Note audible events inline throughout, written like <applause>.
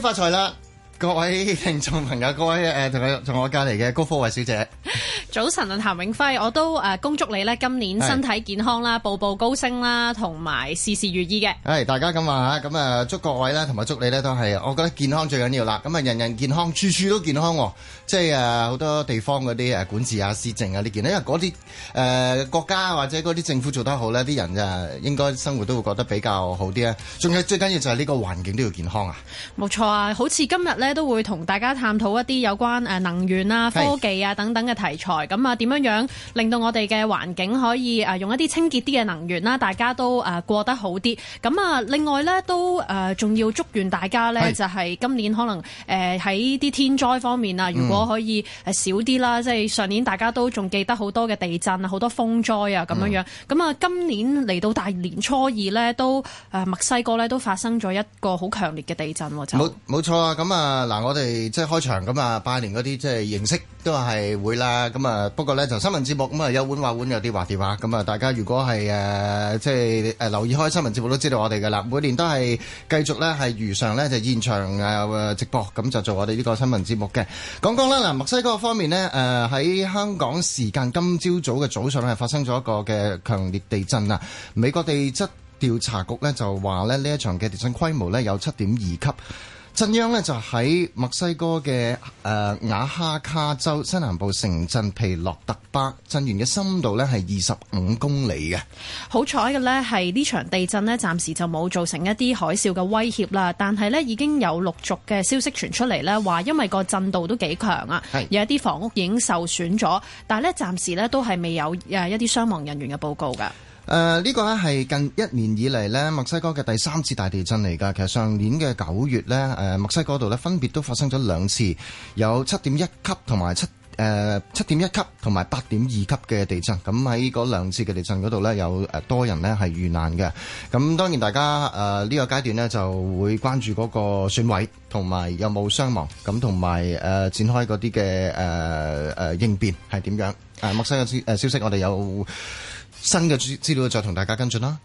發財啦！各位聽眾朋友，各位誒，同我同我隔籬嘅高科慧小姐。 <laughs> 早晨啊，譚永輝，我都誒、呃、恭祝你咧，今年身體健康啦，是步步高升啦，同埋事事如意嘅。係大家咁話吓，咁祝各位啦，同埋祝你咧都係，我覺得健康最緊要啦。咁啊，人人健康，處處都健康。即係誒，好、呃、多地方嗰啲誒管治啊、施政啊呢件咧，因為嗰啲誒國家或者嗰啲政府做得好咧，啲人啊應該生活都會覺得比較好啲咧。仲有最緊要就係呢個環境都要健康啊。冇錯啊，好似今日咧都會同大家探討一啲有關誒、呃、能源啊、科技啊等等嘅題材。咁啊，點樣樣令到我哋嘅環境可以誒用一啲清潔啲嘅能源啦？大家都誒過得好啲。咁啊，另外咧都誒仲要祝願大家咧，是就係今年可能誒喺啲天災方面啊，如果可以誒少啲啦，即係、嗯、上年大家都仲記得好多嘅地震啊，好多風災啊咁樣樣。咁啊、嗯，今年嚟到大年初二咧，都誒墨西哥咧都發生咗一個好強烈嘅地震。冇冇錯啊！咁啊嗱，我哋即係開場咁啊拜年嗰啲即係形式都係會啦。咁啊～誒，不過咧就新聞節目咁啊、嗯，有碗話碗，有啲話啲話，咁、嗯、啊，大家如果係誒，即係誒，留意開新聞節目都知道我哋噶啦，每年都係繼續咧係如常咧，就現場誒、呃、直播，咁、嗯、就做我哋呢個新聞節目嘅。講講啦，嗱，墨西哥方面呢，誒、呃、喺香港時間今朝早嘅早上咧，係發生咗一個嘅強烈地震啦。美國地質調查局咧就話咧，呢一場嘅地震規模咧有七點二級。震央呢就喺墨西哥嘅誒瓦哈卡州西南部城鎮皮洛特巴，震源嘅深度呢係二十五公里嘅。好彩嘅呢，係呢場地震呢暫時就冇造成一啲海嘯嘅威脅啦。但係呢已經有陸續嘅消息傳出嚟呢話因為個震度都幾強啊，是有一啲房屋已經受損咗，但係呢暫時呢都係未有誒一啲傷亡人員嘅報告噶。誒呢、呃這個咧係近一年以嚟咧墨西哥嘅第三次大地震嚟㗎。其實上年嘅九月咧，誒、呃、墨西哥度咧分別都發生咗兩次，有七點一級同埋七誒七點一級同埋八點二級嘅地震。咁喺嗰兩次嘅地震嗰度咧，有、呃、多人咧係遇難嘅。咁當然大家誒、呃這個、呢個階段咧就會關注嗰個損毀同埋有冇傷亡，咁同埋誒展開嗰啲嘅誒誒應變係點樣？誒、呃、墨西哥消消息，我哋有。新嘅資料再同大家跟進啦。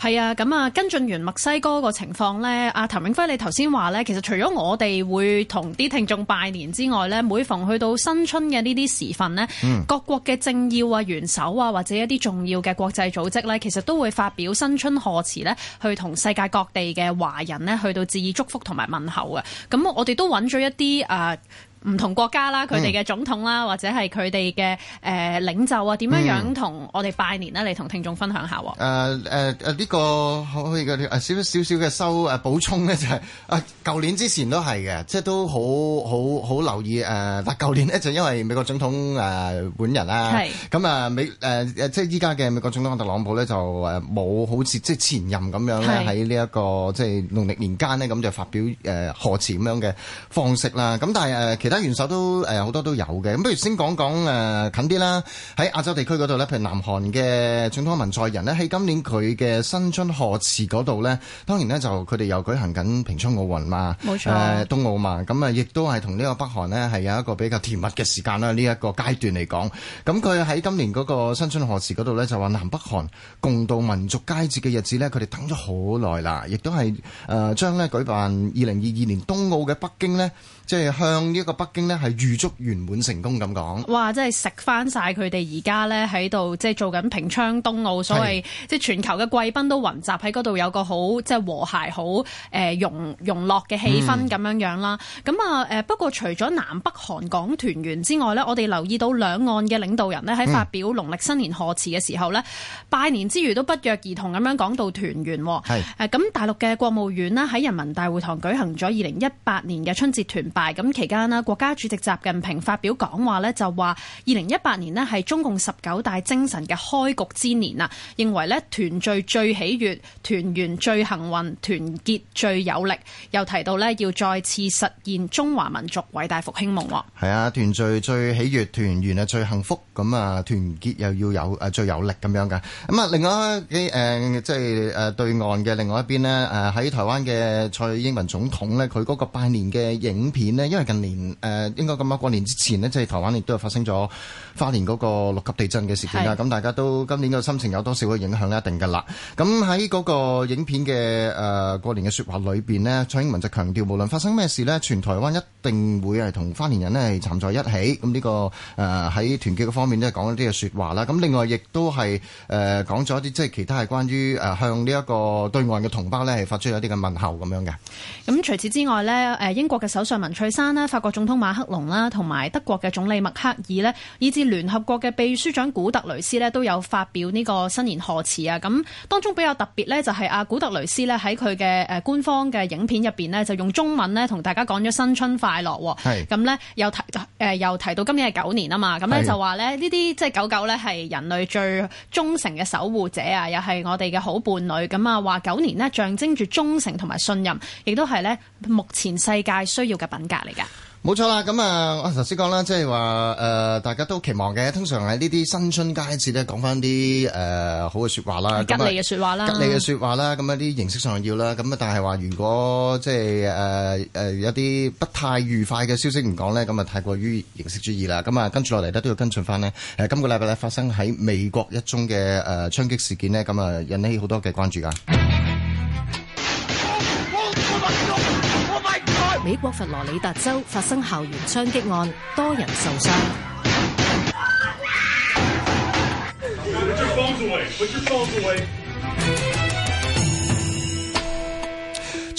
係啊，咁啊，跟進完墨西哥個情況呢。阿譚永輝，你頭先話呢，其實除咗我哋會同啲聽眾拜年之外呢，每逢去到新春嘅呢啲時份呢，嗯，各國嘅政要啊、元首啊，或者一啲重要嘅國際組織呢，其實都會發表新春賀詞呢，去同世界各地嘅華人呢去到致意、祝福同埋問候嘅。咁我哋都揾咗一啲啊。呃唔同國家啦，佢哋嘅總統啦，嗯、或者係佢哋嘅誒領袖啊，點樣樣同我哋拜年呢？嚟同、嗯、聽眾分享下。誒誒誒，呢、呃這個可、呃、少少少嘅收誒、呃、補充呢、就是，就係啊，舊年之前都係嘅，即、就、係、是、都好好好留意誒、呃。但係舊年呢，就因為美國總統誒、呃、本人啦，咁啊是、呃、美誒、呃、即係依家嘅美國總統特朗普呢，就誒冇好似即係前任咁樣咧喺呢一個即係農曆年間呢，咁就發表誒賀詞咁樣嘅方式啦。咁但係、呃、誒其他元首都誒好多都有嘅，咁不如先講講誒近啲啦。喺亞洲地區嗰度咧，譬如南韓嘅總統文在寅咧，喺今年佢嘅新春賀詞嗰度咧，當然咧就佢哋又舉行緊平昌奧運嘛，冇錯誒冬奧嘛，咁啊亦都係同呢個北韓咧係有一個比較甜蜜嘅時間啦。呢一個階段嚟講，咁佢喺今年嗰個新春賀詞嗰度咧就話南北韓共度民族佳節嘅日子咧，佢哋等咗好耐啦，亦都係誒將咧舉辦二零二二年冬奧嘅北京咧，即係向呢個。北京呢係預祝圓滿成功咁講。哇！真係食翻晒佢哋而家呢喺度即係做緊平昌冬奧所謂是即係全球嘅貴賓都雲集喺嗰度，有個好即係和諧、好誒、呃、融融樂嘅氣氛咁、嗯、樣樣啦。咁啊不過除咗南北韓講團圓之外呢，我哋留意到兩岸嘅領導人呢喺發表農曆新年賀詞嘅時候呢，嗯、拜年之餘都不約而同咁樣講到團圓。喎是。咁、啊、大陸嘅國務院呢喺人民大會堂舉行咗二零一八年嘅春節團拜，咁期間啦。國家主席習近平發表講話呢，就話二零一八年呢係中共十九大精神嘅開局之年啦。認為呢團聚最喜悦，團圓最幸運，團結最有力。又提到呢要再次實現中華民族偉大復興夢。係啊，團聚最喜悦，團圓啊最幸福，咁啊團結又要有誒最有力咁樣噶。咁啊，另外啲誒即係誒對岸嘅另外一邊呢，誒喺台灣嘅蔡英文總統呢，佢嗰個拜年嘅影片呢，因為近年。誒、呃、應該咁樣過年之前呢，即係台灣亦都係發生咗花蓮嗰個六級地震嘅事件啦。咁是的 大家都今年嘅心情有多少嘅影響咧？一定㗎啦。咁喺嗰個影片嘅誒、呃、過年嘅說話裏面呢，蔡英文就強調，無論發生咩事呢，全台灣一定會係同花蓮人呢係站在一起。咁呢、這個誒喺、呃、團結嘅方面呢講一啲嘅說話啦。咁另外亦都係誒講咗一啲即係其他係關於、呃、向呢一個對岸嘅同胞呢係發出一啲嘅問候咁樣嘅、嗯。咁除此之外呢，英國嘅首相文翠珊呢，法國總。同馬克龍啦，同埋德國嘅總理默克爾呢，以至聯合國嘅秘書長古特雷斯呢，都有發表呢個新年賀詞啊。咁當中比較特別呢，就係阿古特雷斯呢，喺佢嘅誒官方嘅影片入邊呢，就用中文呢同大家講咗新春快樂。係咁咧，又提誒、呃、又提到今年係狗年啊嘛，咁呢是就話呢，呢啲即係狗狗呢，係人類最忠誠嘅守護者啊，又係我哋嘅好伴侶咁啊。話狗年呢，象徵住忠誠同埋信任，亦都係呢目前世界需要嘅品格嚟噶。冇錯啦，咁啊，我頭先講啦，即係話誒，大家都期望嘅，通常喺呢啲新春佳節咧，講翻啲誒好嘅說，說話啦，吉利嘅說話啦，吉利嘅說話啦，咁一啲形式上要啦，咁啊，但係話如果即係誒誒有啲不太愉快嘅消息唔講咧，咁啊太過於形式主義啦，咁啊跟住落嚟咧都要跟進翻、呃、呢。誒今個禮拜咧發生喺美國一宗嘅誒槍擊事件呢，咁啊引起好多嘅關注噶。美國佛羅里達州發生校園槍擊案，多人受傷。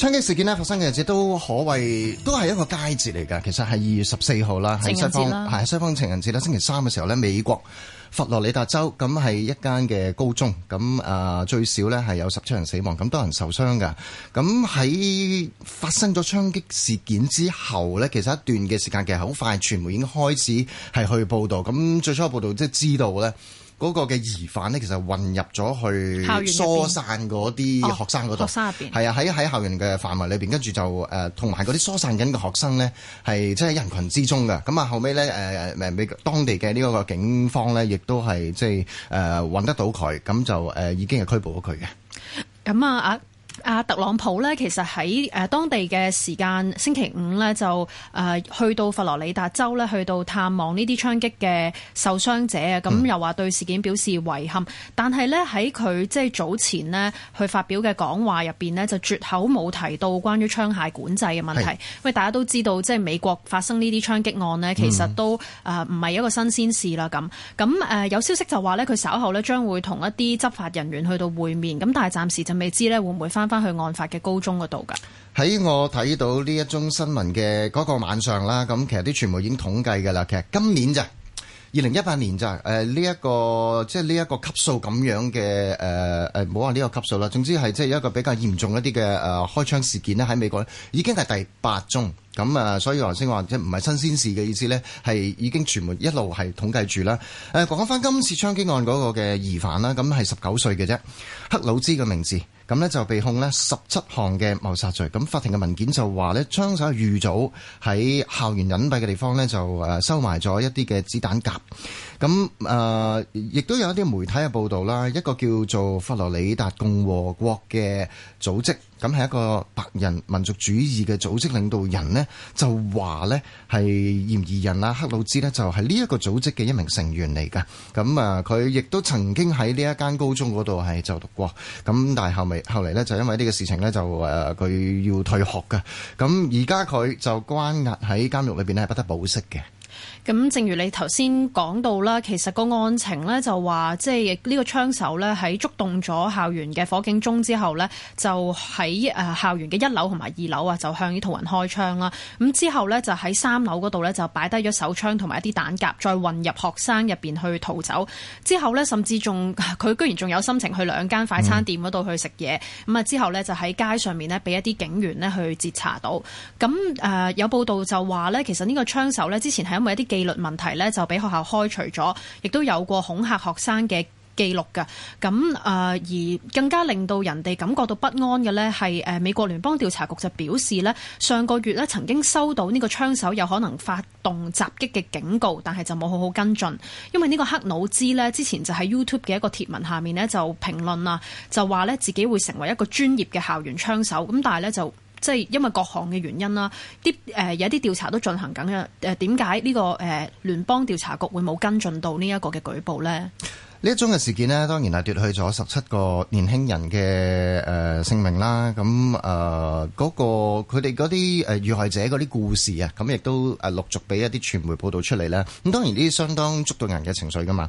槍擊事件咧發生嘅日子都可謂都係一個佳節嚟㗎，其實係二月十四號啦，係西方係西方情人節啦。星期三嘅時候咧，美國佛羅里達州咁係一間嘅高中，咁啊、呃、最少咧係有十七人死亡，咁多人受傷㗎。咁喺發生咗槍擊事件之後咧，其實一段嘅時間其實好快，傳媒已經開始係去報道。咁最初嘅報道即係知道咧。嗰個嘅疑犯呢，其實混入咗去疏散嗰啲學生嗰度，學生入邊，係啊喺喺校園嘅範圍裏邊，跟住就誒同埋嗰啲疏散緊嘅學生呢，係即係人群之中嘅。咁啊，後尾咧誒誒，美國當地嘅呢個警方咧，亦都係即係誒搵得到佢，咁就誒已經係拘捕咗佢嘅。咁啊啊！啊、特朗普咧，其實喺誒、呃、當地嘅時間星期五呢就、呃、去到佛羅里達州呢去到探望呢啲槍擊嘅受傷者啊，咁、嗯、又話對事件表示遺憾。但係呢，喺佢即係早前呢去發表嘅講話入面呢，就絕口冇提到關於槍械管制嘅問題。是因為大家都知道即係美國發生呢啲槍擊案呢，其實都唔係、嗯呃、一個新鮮事啦。咁咁、呃、有消息就話呢，佢稍後呢將會同一啲執法人員去到會面，咁但係暫時就未知呢會唔會翻。翻翻去案發嘅高中嗰度噶。喺我睇到呢一宗新聞嘅嗰個晚上啦。咁其實啲傳媒已經統計噶啦。其實今年咋，二零一八年咋，誒，呢一個即係呢一個級數咁樣嘅誒誒，唔好話呢個級數啦。總之係即係一個比較嚴重一啲嘅誒開槍事件咧。喺美國已經係第八宗咁啊，所以我頭先話即唔係新鮮事嘅意思咧，係已經傳媒一路係統計住啦。誒、啊，講翻今次槍擊案嗰個嘅疑犯啦，咁係十九歲嘅啫，克魯茲嘅名字。咁呢就被控呢十七項嘅謀殺罪。咁法庭嘅文件就話呢，槍手預早喺校園隱蔽嘅地方呢，就誒收埋咗一啲嘅子彈夾。咁誒、呃，亦都有一啲媒體嘅報道啦。一個叫做佛羅里達共和國嘅組織，咁係一個白人民族主義嘅組織領導人呢，就話呢係嫌疑人啊，克魯茲呢就係呢一個組織嘅一名成員嚟㗎。咁啊，佢、呃、亦都曾經喺呢一間高中嗰度係就讀過。咁但係後尾後嚟呢，就因為呢個事情呢，就誒佢、呃、要退學㗎。咁而家佢就關押喺監獄裏面，咧，係不得保釋嘅。咁正如你頭先講到啦，其實個案情咧就話即係呢個槍手咧喺觸動咗校園嘅火警鐘之後咧，就喺誒校園嘅一樓同埋二樓啊，就向呢途人開槍啦。咁之後咧就喺三樓嗰度咧就擺低咗手槍同埋一啲彈夾，再混入學生入邊去逃走。之後咧甚至仲佢居然仲有心情去兩間快餐店嗰度去食嘢。咁啊、嗯、之後咧就喺街上面咧俾一啲警員咧去截查到。咁誒有報道就話咧，其實呢個槍手咧之前係因為一啲。紀律問題呢，就俾學校開除咗，亦都有過恐嚇學生嘅記錄噶。咁啊、呃，而更加令到人哋感覺到不安嘅呢，係、呃、誒美國聯邦調查局就表示呢，上個月呢曾經收到呢個槍手有可能發動襲擊嘅警告，但係就冇好好跟進。因為呢個黑腦茲呢，之前就喺 YouTube 嘅一個貼文下面呢，就評論啦，就話呢自己會成為一個專業嘅校園槍手，咁但係呢，就。即係因為各行嘅原因啦，啲誒有一啲調查都進行緊嘅。誒點解呢個誒聯邦調查局會冇跟進到呢一個嘅舉報咧？呢一宗嘅事件咧，當然係奪去咗十七個年輕人嘅誒性命啦。咁誒嗰個佢哋嗰啲誒遇害者嗰啲故事啊，咁亦都誒陸續俾一啲傳媒報導出嚟咧。咁當然呢啲相當觸動人嘅情緒噶嘛。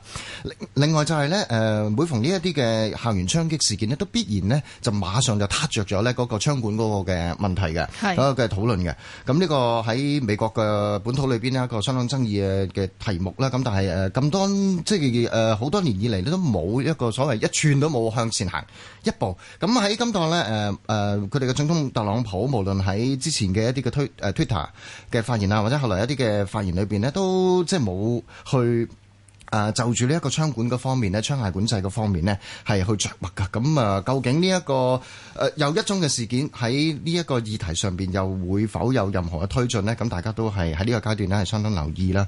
另外就係咧誒，每逢呢一啲嘅校園槍擊事件咧，都必然咧就馬上就撻著咗咧嗰個槍管嗰個嘅問題嘅，嗰個嘅討論嘅。咁呢個喺美國嘅本土裏邊咧一個相當爭議嘅嘅題目啦。咁但係誒咁多即係誒好多年。以嚟咧都冇一個所謂一寸都冇向前行一步，咁喺今趟咧誒誒，佢哋嘅總統特朗普無論喺之前嘅一啲嘅推、呃、Twitter 嘅發言啊，或者後來一啲嘅發言裏邊咧，都即係冇去。誒、啊、就住呢一個槍管嗰方面呢，槍械管制嗰方面呢，係去著墨㗎。咁啊，究竟呢、這、一個誒又、啊、一宗嘅事件喺呢一個議題上面又會否有任何嘅推進呢？咁大家都係喺呢個階段呢，係相當留意啦。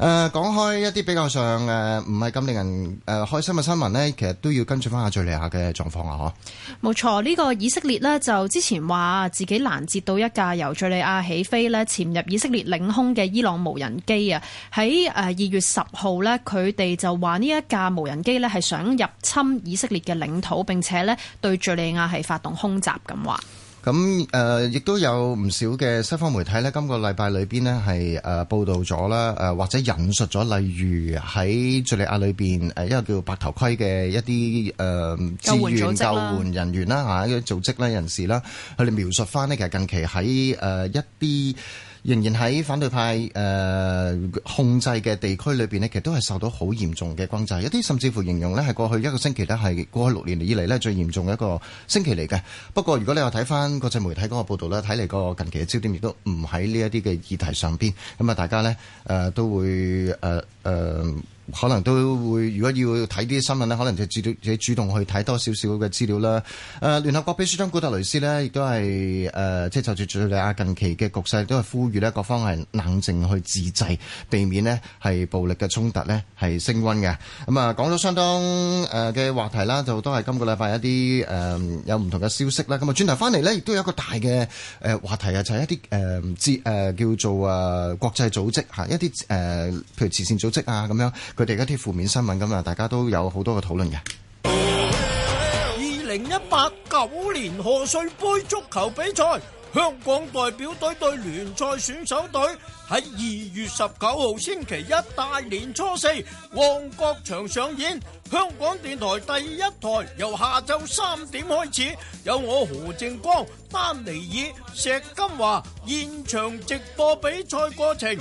誒、啊、講開一啲比較上誒唔係咁令人誒開心嘅新聞呢，其實都要跟住翻下敘利亞嘅狀況啊！嗬，冇錯，呢、這個以色列呢，就之前話自己攔截到一架由敘利亞起飛呢，潛入以色列領空嘅伊朗無人機啊，喺誒二月十號呢。佢。佢哋就話呢一架無人機呢係想入侵以色列嘅領土，並且呢對敘利亞係發動空襲咁話。咁、呃、誒，亦都有唔少嘅西方媒體呢，今個禮拜裏邊呢係誒報道咗啦，誒、呃、或者引述咗，例如喺敘利亞裏邊誒一個叫白頭盔嘅一啲誒志願救援人員啦吓，啲、啊、組織人士啦，佢哋描述翻呢，其實近期喺誒、呃、一啲。仍然喺反對派誒、呃、控制嘅地區裏邊咧，其實都係受到好嚴重嘅轟炸，有啲甚至乎形容呢，係過去一個星期咧，係過去六年以嚟咧，最嚴重嘅一個星期嚟嘅。不過如果你話睇翻國際媒體嗰個報導咧，睇嚟個近期嘅焦點亦都唔喺呢一啲嘅議題上邊。咁啊，大家呢誒、呃、都會誒誒。呃呃可能都會，如果要睇啲新聞呢可能就主自己主動去睇多少少嘅資料啦。誒、呃，聯合國秘書長古特雷斯呢，亦都係誒，即、呃、係就住敍利亞近期嘅局勢，都係呼籲呢各方係冷靜去自制，避免呢係暴力嘅衝突呢係升温嘅。咁、嗯、啊，講咗相當誒嘅話題啦，就都係今個禮拜一啲誒、呃、有唔同嘅消息啦。咁啊，轉頭翻嚟呢，亦都有一個大嘅誒、呃、話題啊，就係、是、一啲誒唔知叫做啊、呃、國際組織、啊、一啲誒、呃、譬如慈善組織啊咁樣。佢哋一啲負面新聞咁啊，大家都有好多個討論嘅。二零一八九年賀歲盃足球比賽，香港代表隊對聯賽選手隊喺二月十九號星期一大年初四旺角場上演。香港電台第一台由下晝三點開始，有我何正光、丹尼爾、石金華現場直播比賽過程。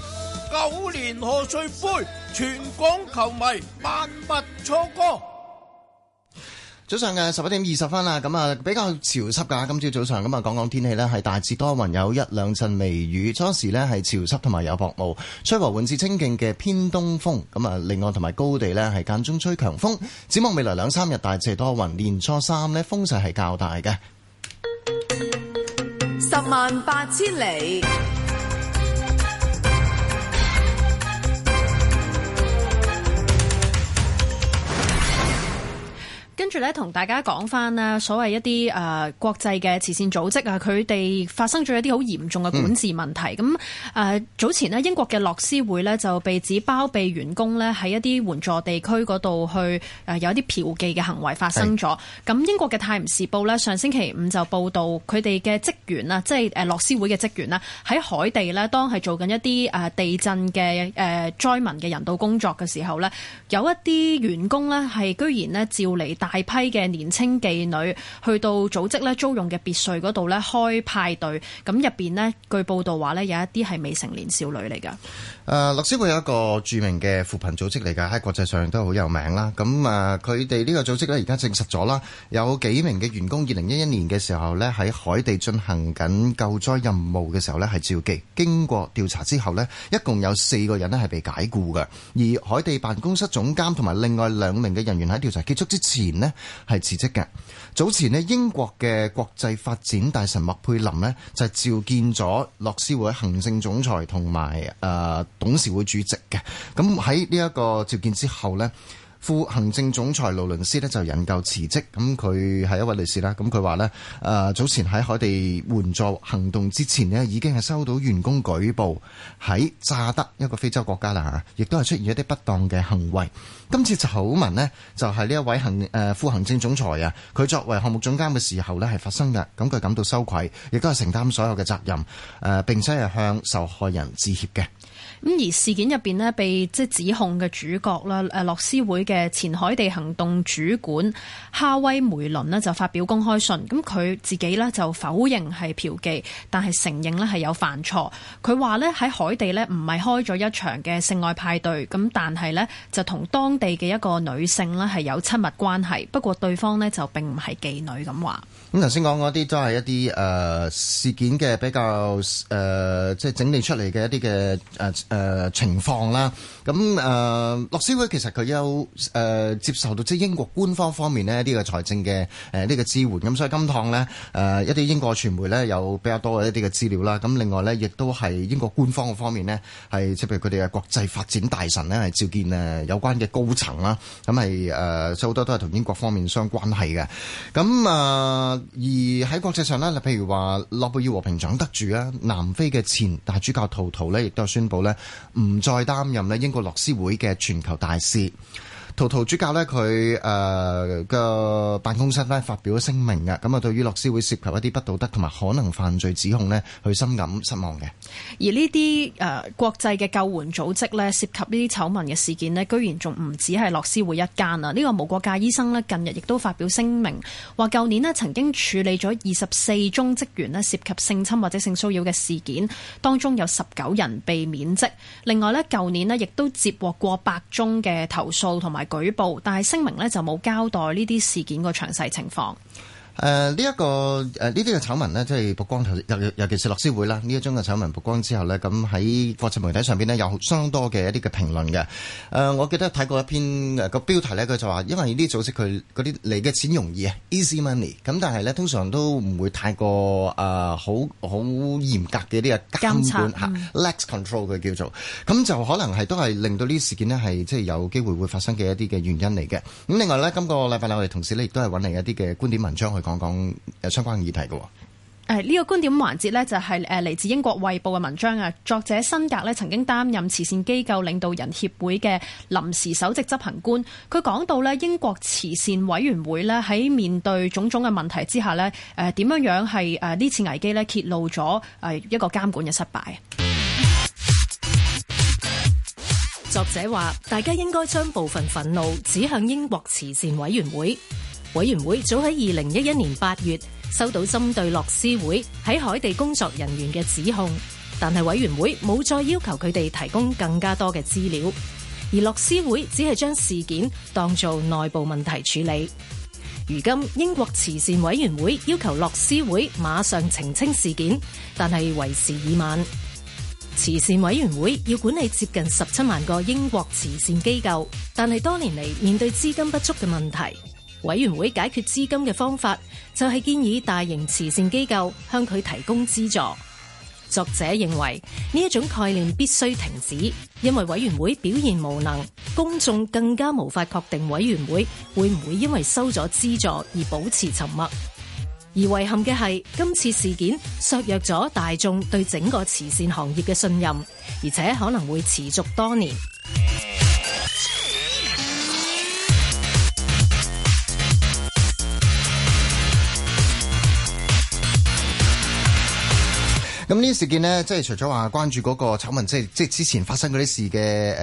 九年賀歲盃，全港球迷萬勿錯過。早上嘅十一點二十分啦，咁啊比較潮濕噶，今朝早上咁啊講講天氣呢，係大致多雲，有一兩陣微雨，初時呢係潮濕同埋有薄霧，吹和緩至清勁嘅偏東風，咁啊另外同埋高地呢係間中吹強風，展望未來兩三日大致多雲，年初三呢風勢係較大嘅。十萬八千里。呢跟住咧，同大家講翻呢所謂一啲誒、呃、國際嘅慈善組織啊，佢哋發生咗一啲好嚴重嘅管治問題。咁誒、嗯呃、早前呢，英國嘅樂施會呢就被指包庇員工呢喺一啲援助地區嗰度去誒、呃、有一啲嫖妓嘅行為發生咗。咁是英國嘅泰晤士報呢，上星期五就報導佢哋嘅職員啊，即係誒樂施會嘅職員啦，喺海地呢當係做緊一啲誒地震嘅誒、呃、災民嘅人道工作嘅時候呢有一啲員工呢係居然呢照嚟係批嘅年青妓女去到組織咧，租用嘅別墅嗰度咧開派對，咁入面呢據報道話咧有一啲係未成年少女嚟㗎。誒、呃，樂施會有一個著名嘅扶貧組織嚟㗎，喺國際上都好有名啦。咁誒，佢哋呢個組織咧，而家證實咗啦，有幾名嘅員工二零一一年嘅時候咧，喺海地進行緊救災任務嘅時候咧，係召妓。經過調查之後呢，一共有四個人咧係被解雇嘅，而海地辦公室總監同埋另外兩名嘅人員喺調查結束之前呢係辭職嘅。早前咧，英國嘅國際發展大臣麥佩林呢就係召見咗樂施會行政總裁同埋誒、呃董事會主席嘅，咁喺呢一個召見之後呢，副行政總裁勞倫斯呢就引咎辭職。咁佢係一位女士啦。咁佢話呢，誒、呃、早前喺海地援助行動之前呢，已經係收到員工舉報喺乍得一個非洲國家啦吓，亦都係出現一啲不當嘅行為。今次醜聞呢，就係、是、呢一位行誒、呃、副行政總裁啊，佢作為項目總監嘅時候呢，係發生嘅。咁佢感到羞愧，亦都係承擔所有嘅責任誒、呃，並且係向受害人致歉嘅。咁而事件入面，呢被即係指控嘅主角啦，誒，樂施會嘅前海地行動主管哈威梅倫呢就發表公開信，咁佢自己呢就否認係嫖妓，但係承認呢係有犯錯。佢話呢，喺海地呢唔係開咗一場嘅性愛派對，咁但係呢就同當地嘅一個女性呢係有親密關係，不過對方呢就並唔係妓女咁話。咁頭先講嗰啲都係一啲誒、呃、事件嘅比較誒，即、呃、係、就是、整理出嚟嘅一啲嘅誒。呃誒、呃、情況啦，咁誒、呃、樂施會其實佢有誒、呃、接受到即英國官方方面呢呢個財政嘅呢個支援，咁所以今趟呢，誒一啲英國傳媒呢有比較多一啲嘅資料啦，咁另外呢，亦都係英國官方方面呢，係、這、即、個呃這個呃、譬如佢哋嘅國際發展大臣呢係召見有關嘅高層啦，咁係誒所好多都係同英國方面相關係嘅，咁啊、呃、而喺國際上呢譬如話諾貝爾和平獎得主啊，南非嘅前大主教圖圖呢亦都係宣布呢。唔再擔任咧英國樂施會嘅全球大使。圖圖主教咧，佢誒個辦公室咧發表咗聲明嘅，咁啊對於樂施會涉及一啲不道德同埋可能犯罪指控咧，佢深感失望嘅。而呢啲誒國際嘅救援組織咧，涉及呢啲醜聞嘅事件咧，居然仲唔止係樂施會一間啊！呢、這個無國界醫生咧，近日亦都發表聲明，話舊年咧曾經處理咗二十四宗職員咧涉及性侵或者性騷擾嘅事件，當中有十九人被免職。另外咧，舊年咧亦都接獲過百宗嘅投訴同埋。舉報，但係聲明咧就冇交代呢啲事件嘅詳細情況。誒呢、呃、一個誒呢啲嘅醜聞咧，即係曝光頭，尤尤其是樂施會啦。呢一宗嘅醜聞曝光之後咧，咁、嗯、喺國際媒體上邊咧有相當多嘅一啲嘅評論嘅。誒、呃，我記得睇過一篇誒個、呃、標題咧，佢就話因為呢啲組織佢啲嚟嘅錢容易啊，easy money。咁但係咧，通常都唔會太過誒好好嚴格嘅呢個監管吓 less、嗯、control 佢叫做。咁就可能係都係令到呢事件咧係即係有機會會發生嘅一啲嘅原因嚟嘅。咁、嗯、另外咧，今、這個禮拜咧，我哋同事咧亦都係揾嚟一啲嘅觀點文章去講。講講相關議題嘅。誒、嗯，呢、呢個觀點環節咧，就係誒嚟自英國衛報嘅文章啊。作者辛格咧曾經擔任慈善機構領導人協會嘅臨時首席執行官。佢講到咧，英國慈善委員會咧喺面對種種嘅問題之下咧，誒點樣樣係誒呢次危機咧揭露咗誒一個監管嘅失敗。作者話：大家應該將部分憤怒指向英國慈善委員會。委員會早喺二零一一年八月收到針對樂施會喺海地工作人員嘅指控，但係委員會冇再要求佢哋提供更加多嘅資料，而樂施會只係將事件當做內部問題處理。如今英國慈善委員會要求樂施會馬上澄清事件，但係為時已晚。慈善委員會要管理接近十七萬個英國慈善機構，但係多年嚟面對資金不足嘅問題。委員會解決資金嘅方法就係建議大型慈善機構向佢提供資助。作者認為呢一種概念必須停止，因為委員會表現無能，公眾更加無法確定委員會會唔會因為收咗資助而保持沉默。而遺憾嘅係，今次事件削弱咗大眾對整個慈善行業嘅信任，而且可能會持續多年。咁呢啲事件呢，即係除咗話關注嗰個醜聞，即係即係之前發生嗰啲事嘅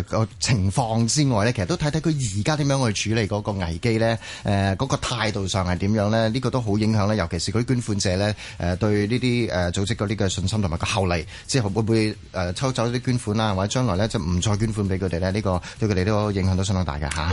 誒個情況之外呢，其實都睇睇佢而家點樣去處理嗰個危機呢。誒、呃，嗰、嗰個態度上係點樣呢？呢、呢個都好影響呢，尤其是嗰啲捐款者呢，誒、呃、對呢啲誒組織嘅信心同埋個後嚟之後會唔會誒、呃、抽走啲捐款啊，或者將來呢，就唔再捐款俾佢哋呢？呢、呢個對佢哋都影響都相當大嘅吓。啊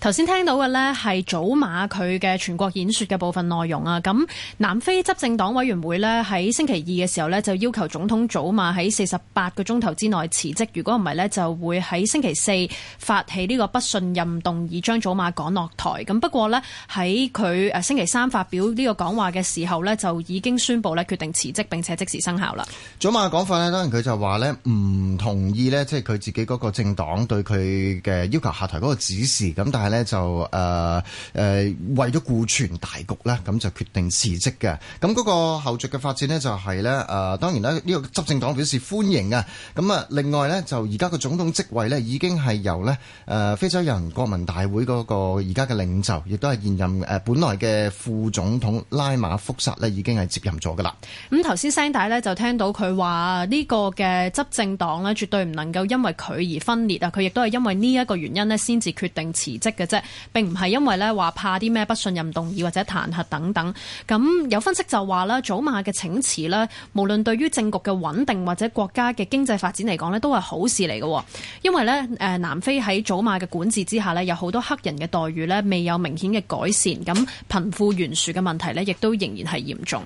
頭先聽到嘅呢係祖馬佢嘅全國演說嘅部分內容啊，咁南非執政黨委員會呢喺星期二嘅時候呢，就要求總統祖馬喺四十八個鐘頭之內辭職，如果唔係呢，就會喺星期四發起呢個不信任動議將祖馬趕落台。咁不過呢，喺佢誒星期三發表呢個講話嘅時候呢，就已經宣布呢決定辭職並且即時生效啦。祖馬嘅講法呢，當然佢就話呢唔同意呢，即係佢自己嗰個政黨對佢嘅要求下台嗰個指示咁，但係。咧就誒誒、呃、為咗顧全大局咧，咁就決定辭職嘅。咁嗰個後續嘅發展咧就係咧誒，當然啦，呢、這個執政黨表示歡迎啊。咁啊，另外咧就而家個總統職位咧已經係由咧誒、呃、非洲人國民大會嗰個而家嘅領袖，亦都係現任誒本來嘅副總統拉馬福薩咧已經係接任咗噶啦。咁頭先聲帶咧就聽到佢話呢個嘅執政黨咧絕對唔能夠因為佢而分裂啊！佢亦都係因為呢一個原因咧先至決定辭職。嘅啫，並唔係因為咧話怕啲咩不信任動議或者彈劾等等。咁有分析就話啦，祖馬嘅請辭咧，無論對於政局嘅穩定或者國家嘅經濟發展嚟講咧，都係好事嚟嘅。因為咧，誒南非喺祖馬嘅管治之下咧，有好多黑人嘅待遇咧，未有明顯嘅改善。咁貧富懸殊嘅問題咧，亦都仍然係嚴重。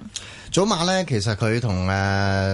祖瑪呢，其實佢同誒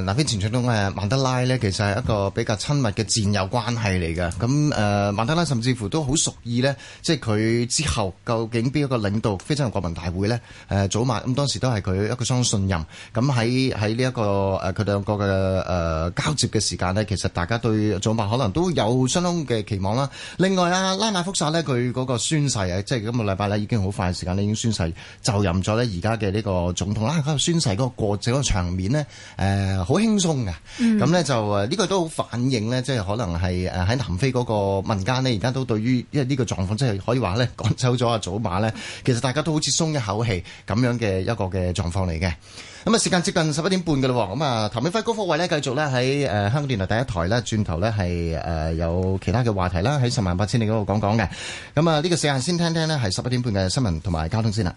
南非前總統誒曼德拉呢，其實係一個比較親密嘅戰友關係嚟嘅。咁誒、呃、曼德拉甚至乎都好熟意呢，即係佢之後究竟邊一個領導非洲人國民大會呢？誒祖瑪咁當時都係佢一個相當信任。咁喺喺呢一個誒佢、呃、兩個嘅誒、呃、交接嘅時間呢，其實大家對祖瑪可能都有相當嘅期望啦。另外啊，拉馬福薩呢，佢嗰個宣誓啊，即係今個禮拜呢已經好快時間呢已經宣誓就任咗呢。而家嘅呢個總統啦、啊。宣誓過整個場面呢，誒、呃，好輕鬆嘅，咁、嗯這個就是、呢，就誒呢個都好反映呢，即係可能係誒喺南非嗰個民間呢，而家都對於因為呢個狀況，即係可以話呢，趕走咗阿祖馬呢。嗯、其實大家都好似鬆一口氣咁樣嘅一個嘅狀況嚟嘅。咁啊，時間接近十一點半噶啦，咁啊，譚永輝高富偉呢，繼續呢喺誒香港電台第一台呢轉頭呢，係、呃、誒有其他嘅話題啦，喺十萬八千里嗰度講講嘅。咁啊，呢、這個時間先聽聽呢係十一點半嘅新聞同埋交通先啦。